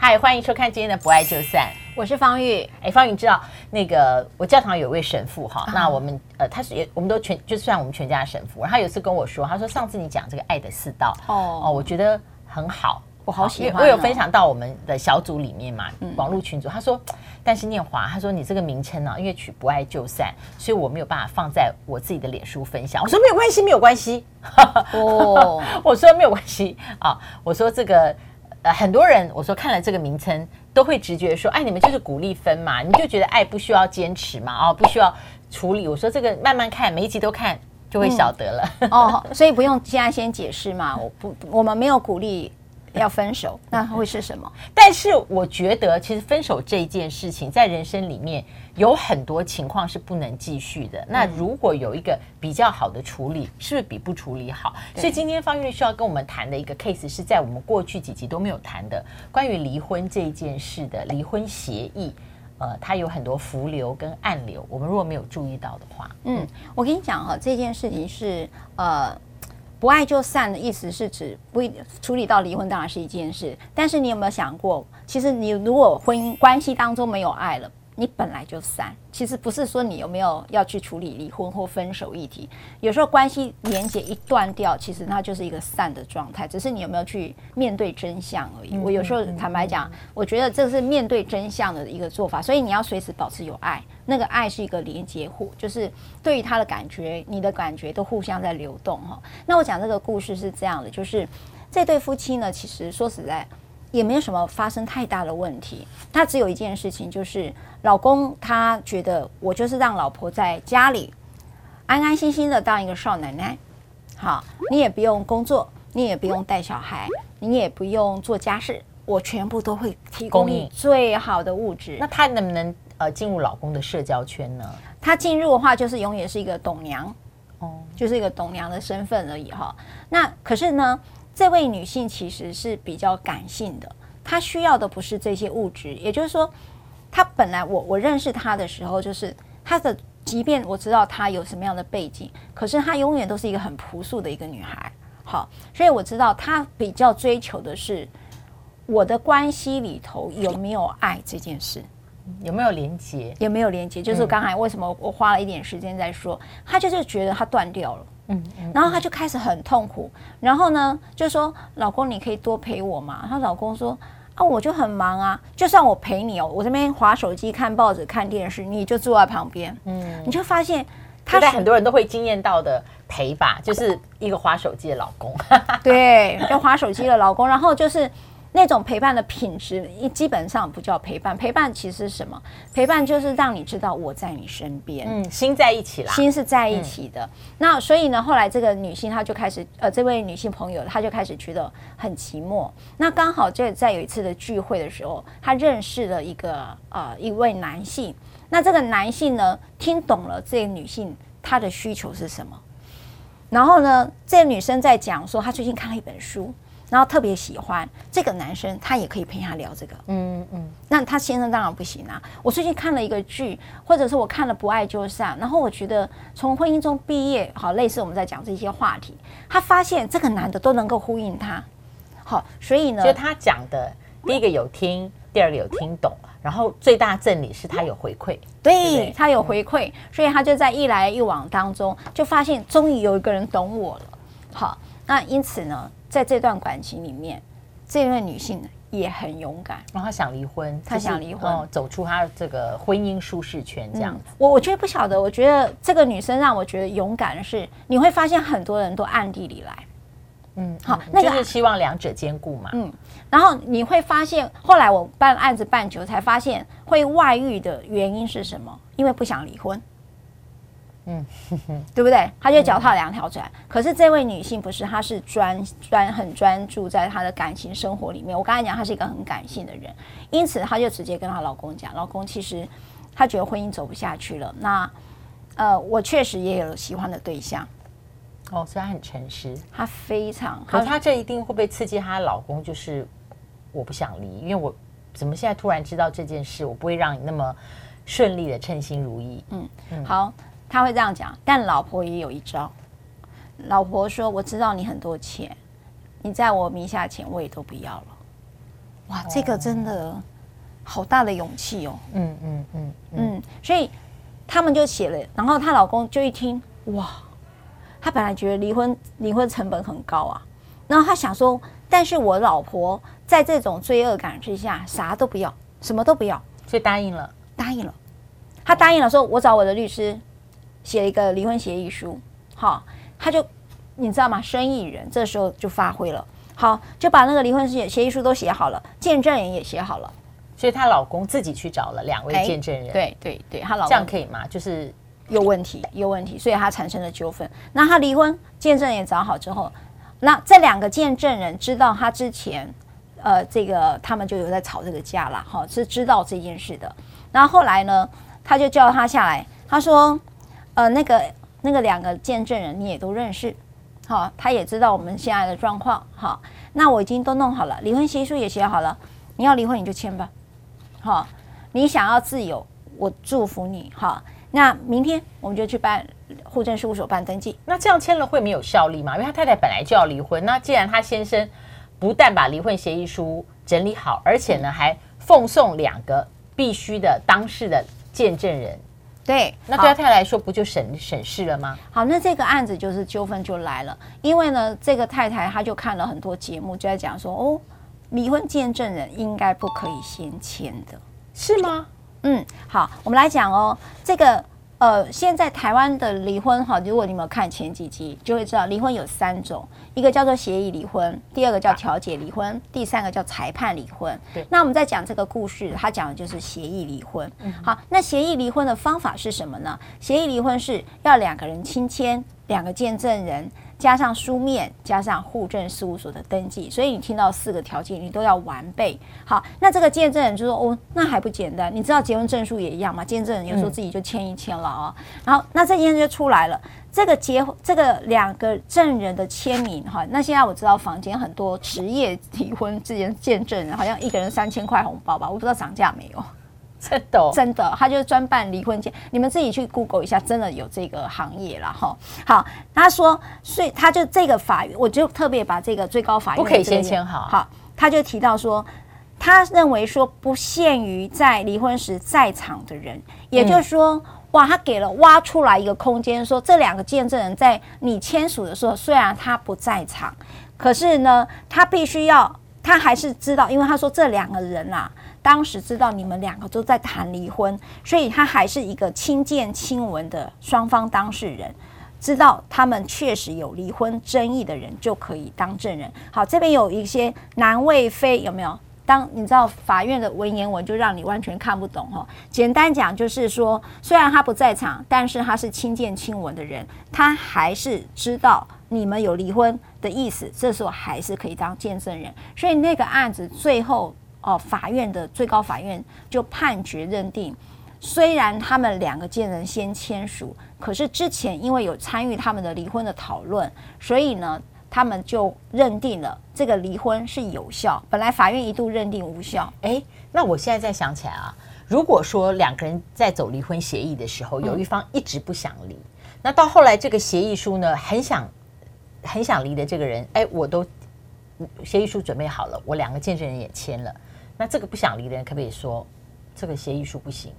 嗨，Hi, 歡迎收看今天的《不愛就散》，我是芳玉。哎，芳玉，你知道那個我教堂有一位神父哈，嗯、那我們呃他是我們都全就算我們全家神父，然後他有一次跟我說，他說上次你講這個愛的四道哦，哦我覺得很好，我好喜歡、啊，哦、我有分享到我們的小組裡面嘛，嗯、網絡群組，他說，但是念華他說你這個名稱呢、啊，因為取不愛就散，所以我沒有辦法放在我自己的臉書分享。我說沒有關係，沒有關係，哦， 我說沒有關係啊、哦，我說這個。很多人我說看了這個名稱，都會直覺說，哎，你們就是鼓勵分嘛，你就覺得愛、哎、不需要堅持嘛，哦，不需要處理。我說這個慢慢看，每一集都看，就會曉得了。嗯、哦，所以不用現在先解釋嘛，我不，不，我們沒有鼓勵。要分手，那會是什麼？嗯、但是我覺得，其實分手這件事情在人生裡面有很多情況是不能繼續的。嗯、那如果有一個比較好的處理，是不是比不處理好？嗯、所以今天芳玉需要跟我們談的一個 case 是在我們過去幾集都沒有談的，關於離婚這件事的離婚協議，呃，它有很多伏流跟暗流，我們如果沒有注意到的話，嗯，嗯我跟你講哈、啊，這件事情是呃。不愛就散的意思是指不處理到離婚當然是一件事，但是你有沒有想過，其實你如果婚姻關係當中沒有愛了，你本來就散，其實不是說你有沒有要去處理離婚或分手議題。有時候關係連接一斷掉，其實它就是一個散的狀態，只是你有沒有去面對真相而已。我有時候坦白講，我覺得這是面對真相的一個做法。所以你要隨時保持有愛，那個愛是一個連接，戶，就是對於他的感覺，你的感覺都互相在流動哈。那我講這個故事是這樣的，就是這對夫妻呢，其實說實在。也沒有什麼發生太大的問題，他只有一件事情，就是老公他覺得我就是讓老婆在家裡安安心心的當一個少奶奶。好，你也不用工作，你也不用帶小孩，我你也不用做家事，我全部都會提供你最好的物質。那她能不能呃進入老公的社交圈呢？她進入的話，就是永遠是一個董娘，哦、嗯，就是一個董娘的身份而已哈。那可是呢？這位女性其實是比較感性的，她需要的不是這些物質，也就是說，她本來我我認識她的時候，就是她的，即便我知道她有什麼樣的背景，可是她永遠都是一個很樸素的一個女孩。好，所以我知道她比較追求的是我的關係裡頭有沒有愛這件事，有沒有連接，有沒有連接，就是剛才為什麼我花了一點時間在說，嗯、她就是覺得她斷掉了。嗯，嗯嗯然後他就開始很痛苦，然後呢，就說老公，你可以多陪我嘛。她老公說啊，我就很忙啊，就算我陪你哦，我這邊滑手機、看報紙、看電視，你就坐在旁邊。嗯，你就發現，現在很多人都會經驗到的陪法，就是一個滑手機的老公。 對，就滑手機的老公，然後就是。那種陪伴的品質，一基本上不叫陪伴。陪伴其實是什麼？陪伴就是讓你知道我在你身邊。嗯，心在一起了，心是在一起的。嗯、那所以呢，後來這個女性她就開始，呃，這位女性朋友她就開始覺得很寂寞。那剛好就在有一次的聚會的時候，她認識了一個呃一位男性。那這個男性呢，聽懂了這個女性她的需求是什麼。然後呢，這個、女生在講說，她最近看了一本書。然後特別喜歡這個男生，他也可以陪他聊這個。嗯嗯，嗯，那他先生當然不行啊。我最近看了一個劇，或者是我看了《不愛就散》，然後我覺得從婚姻中畢業，好，類似我們在講這些話題。他發現這個男的都能夠呼應他，好，所以呢，就他講的第一個有聽，第二個有聽懂，然後最大正理是他有回饋，對，對，對他有回饋，嗯、所以他就在一來一往當中就發現，終於有一個人懂我了。好，那因此呢？在這段感情裡面，這位女性也很勇敢，然後她想離婚，她想離婚，走出她這個婚姻舒適圈，這樣子。嗯、我我覺得不曉得，我覺得這個女生讓我覺得勇敢的是，你會發現很多人都暗地裡來，嗯，好，那、嗯、就是希望兩者兼顧嘛，嗯。然後你會發現，後來我辦案子辦久，才發現會外遇的原因是什麼？因為不想離婚。嗯， 對不對？她就腳踏兩條船。嗯、可是這位女性不是，她是專專很專注在她的感情生活裡面。我剛才講，她是一個很感性的人，因此她就直接跟她老公講：“老公，其實她覺得婚姻走不下去了。那呃，我確實也有喜歡的對象。”哦，所以她很誠實，她非常。好。她這一定會不會刺激，她老公就是我不想離，因為我怎麼現在突然知道這件事，我不會讓你那麼順利的稱心如意。嗯，嗯好。他會這樣講，但老婆也有一招。老婆說：“我知道你很多錢，你在我名下的錢我也都不要了。”哇，這個真的好大的勇氣哦！嗯嗯嗯嗯，嗯，所以他們就寫了。然後她老公就一聽，哇！他本來覺得離婚離婚成本很高啊，然後他想說：“但是我老婆在這種罪惡感之下，啥都不要，什麼都不要。”所以答應了，答應了。他答應了，說：“我找我的律師。”寫了一個離婚協議書，好，他就你知道嗎？生意人這時候就發揮了，好，就把那個離婚協協議書都寫好了，見證人也寫好了，所以她老公自己去找了兩位見證人，哎、對、對、對，她老公這樣可以嗎？就是有問題，有問題，所以他產生了糾紛。那他離婚見證人也找好之後，那這兩個見證人知道他之前呃，這個他們就有在吵這個架了，好，是知道這件事的。然後後來呢，他就叫他下來，他說。呃，那個那個兩個見證人你也都認識，好、哦，他也知道我們現在的狀況，好、哦，那我已經都弄好了，離婚協議書也寫好了，你要離婚你就簽吧，好、哦，你想要自由，我祝福你，好、哦，那明天我們就去辦戶政事務所辦登記。那這樣簽了會沒有效力嗎？因為他太太本來就要離婚，那既然他先生不但把離婚協議書整理好，而且呢還奉送兩個必須的當事的見證人。對，那對他太太來說不就省好省事了嗎？好，那這個案子就是糾紛就來了，因為呢，這個太太她就看了很多節目，就在講說，哦，離婚見證人應該不可以先簽的，是嗎？嗯，好，我們來講哦，這個。呃，現在台灣的離婚哈，如果你們看前幾集，就會知道離婚有三種，一個叫做協議離婚，第二個叫調解離婚，第三個叫裁判離婚。對那我們在講這個故事，他講的就是協議離婚。嗯哼，好，那協議離婚的方法是什麼呢？協議離婚是要兩個人親簽，兩個見證人。加上書面，加上戶政事務所的登記，所以你聽到四個條件，你都要完備。好，那這個見證人就說哦，那還不簡單？你知道結婚證書也一樣嗎？見證人有時候自己就簽一簽了啊、哦。嗯、然後那這件事就出來了，這個結這個兩個證人的簽名哈、哦。那現在我知道坊間很多職業離婚之間見證人，好像一個人三千塊紅包吧，我不知道漲價沒有。真的、哦、真的，他就是專辦離婚件，你們自己去 Google 一下，真的有這個行業了哈。好，他說，所以他就這個法院，我就特別把這個最高法院不可以先簽好。好，他就提到說，他認為說不限於在離婚時在場的人，也就是說，嗯、哇，他給了挖出來一個空間，說這兩個見證人在你簽署的時候，雖然他不在場，可是呢，他必須要，他還是知道，因為他說這兩個人啦、啊。當時知道你們兩個都在談離婚，所以他還是一個親見親聞的雙方當事人，知道他們確實有離婚爭議的人就可以當證人。好，這邊有一些男未婚有沒有？當你知道法院的文言文就讓你完全看不懂哦。簡單講就是說，雖然他不在場，但是他是親見親聞的人，他還是知道你們有離婚的意思，這時候還是可以當見證人。所以那個案子最後。哦，法院的最高法院就判決認定，雖然他們兩個見證人先簽署，可是，之前因為有參與他們的離婚的討論，所以呢，他們就認定了這個離婚是有效。本來法院一度認定無效。哎，那我現在再想起來啊，如果說兩個人在走離婚協議的時候，有一方一直不想離，嗯，那到後來這個協議書呢，很想很想離的這個人，哎，我都協議書準備好了，我兩個見證人也簽了。那這個不想離的人可不可以說這個協議書不行，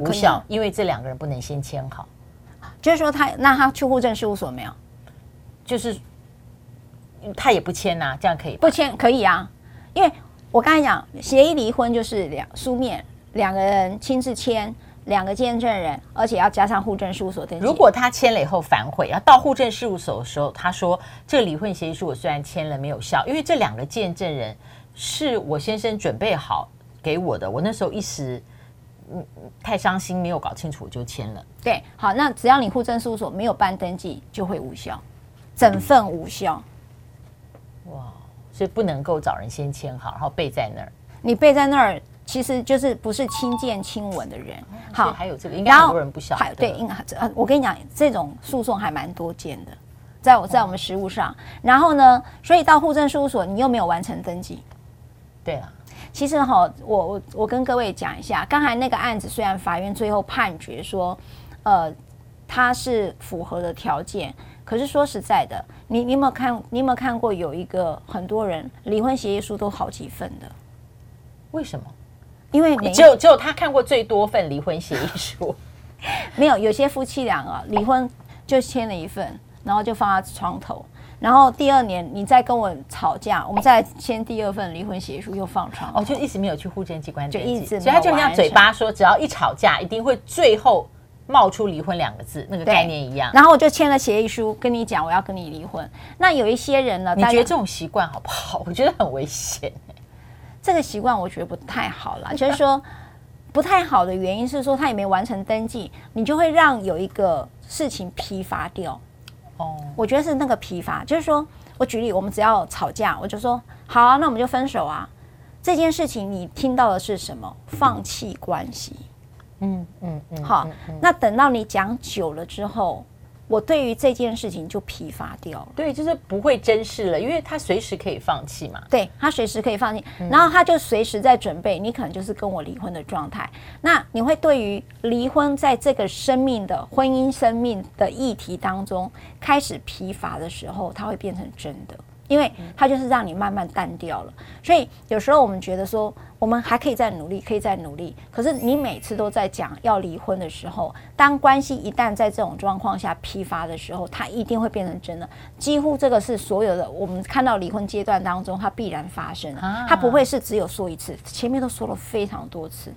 無效？因為這兩個人不能先簽好，啊、就是說他那他去戶政事務所沒有？就是他也不簽吶、啊，這樣可以不簽可以啊？因為我剛才講協議離婚就是兩書面兩個人親自簽，兩個見證人，而且要加上戶政事務所。如果他簽了以後反悔，要到戶政事務所的時候，他說這個、離婚協議書我雖然簽了沒有效，因為這兩個見證人。是我先生準備好給我的，我那時候一時嗯太傷心，沒有搞清楚，我就簽了。對，好，那只要你戶政事務所沒有辦登記，就會無效，整份無效。嗯、哇，所以不能夠找人先簽好，然後背在那兒。你背在那兒，其實就是不是親見親聞的人。好、嗯，還有這個，應該很，後很多人不曉得。對，應該我跟你講，這種訴訟還蠻多見的，在我，在我們實務上。哇然後呢，所以到戶政事務所，你又沒有完成登記。對啊，其實哈、哦，我我我跟各位講一下，剛才那個案子雖然法院最後判決說，呃，他是符合的條件，可是說實在的，你你有沒有看？你有沒有看過有一個很多人離婚協議書都好幾份的？為什麼？因為你只有只有他看過最多份離婚協議書， 沒有有些夫妻倆啊，離婚就簽了一份，然後就放在床頭。然後第二年你再跟我吵架，我們再簽第二份離婚協議書，又放床。哦，就一直沒有去戶政機關登記，就一直，所以他就像嘴巴說，只要一吵架，一定會最後冒出離婚兩個字，那個概念一樣。然後我就簽了協議書，跟你講我要跟你離婚。那有一些人呢，你覺得這種習慣好不好？我覺得很危險。這個習慣我覺得不太好啦，就是說不太好的原因是說他也沒完成登記，你就會讓有一個事情批發掉。Oh. 我覺得是那個疲乏，就是說，我舉例，我們只要吵架，我就說好啊，那我們就分手啊。這件事情你聽到的是什麼？放棄關係。嗯嗯嗯，好。那等到你講久了之後。我對於這件事情就疲乏掉了，對，就是不會珍視了，因為他隨時可以放棄嘛，對，他隨時可以放棄，嗯、然後他就隨時在準備，你可能就是跟我離婚的狀態。那你會對於離婚在這個生命的婚姻生命的議題當中開始疲乏的時候，它會變成真的，因為它就是讓你慢慢淡掉了。所以有時候我們覺得說。我們還可以再努力，可以再努力。可是你每次都在講要離婚的時候，當關係一旦在這種狀況下批發的時候，它一定會變成真的。幾乎這個是所有的我們看到離婚階段當中，它必然發生。啊、它不會是只有說一次，前面都說了非常多次。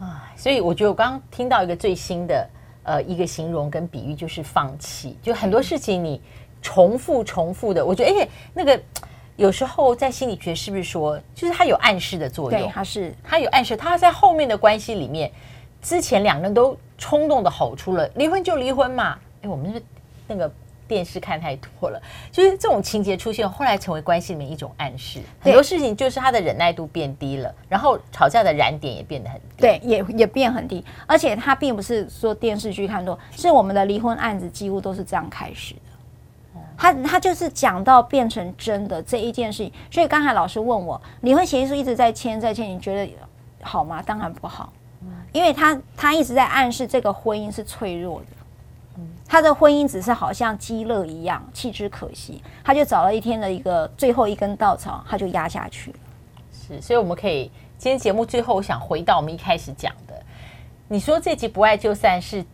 啊，所以我覺得我剛剛聽到一個最新的呃一個形容跟比喻，就是放棄。就很多事情你重複重複的，我覺得而且、欸、那個。有時候在心理學是不是說，就是他有暗示的作用？對，他是他有暗示。他在後面的關係裡面，之前兩個人都衝動的吼出了“離婚就離婚嘛”。哎，我們是不是那個電視看太多了，就是這種情節出現，後來成為關係裡面一種暗示。對。很多事情就是他的忍耐度變低了，然後吵架的燃點也變得很低，對，也也變很低。而且他並不是說電視劇看多，是我們的離婚案子幾乎都是這樣開始的。他他就是講到變成真的這一件事情，所以剛才老師問我離婚協議書一直在簽在簽，你覺得好嗎？當然不好，因為他他一直在暗示這個婚姻是脆弱的，他的婚姻只是好像雞肋一樣，棄之可惜，他就找了一天的一個最後一根稻草，他就壓下去了。是，所以我們可以今天節目最後我想回到我們一開始講的，你說這集不愛就散是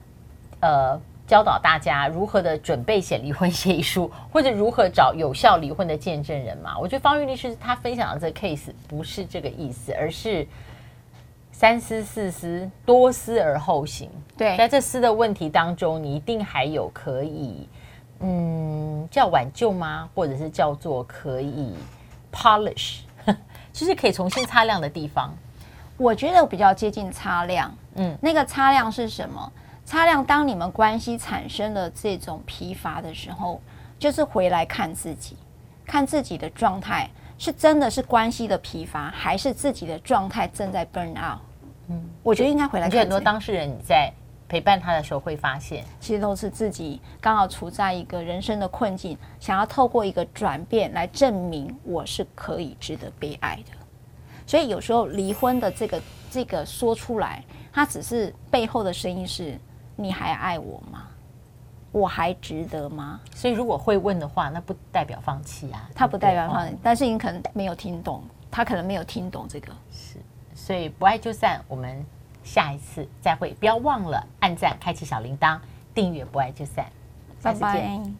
呃。教導大家如何的準備寫離婚協議書，或者如何找有效離婚的見證人嘛？我覺得芳玉律師他分享的這個 case 不是這個意思，而是三思四思，多思而後行。對，在這思的問題當中，你一定還有可以，嗯，叫挽救嗎？或者是叫做可以 polish，就是可以重新擦亮的地方。我覺得比較接近擦亮。嗯，那個擦亮是什麼？擦亮，當你們關係產生了這種疲乏的時候，就是回來看自己，看自己的狀態是真的是關係的疲乏，還是自己的狀態正在 burn out？嗯，我覺得應該回來看。我覺得很多當事人，你在陪伴他的時候會發現，其實都是自己剛好處在一個人生的困境，想要透過一個轉變來證明我是可以值得被愛的。所以有時候，離婚的這個這個說出來，它只是背後的聲音是，你還愛我嗎？我還值得嗎？所以如果會問的話，那不代表放棄啊。他不代表放棄，但是你可能沒有聽懂，他可能沒有聽懂這個。是，所以不愛就散。我們下一次再會，不要忘了按讚、開啟小鈴鐺、訂閱。不愛就散，拜拜。Bye bye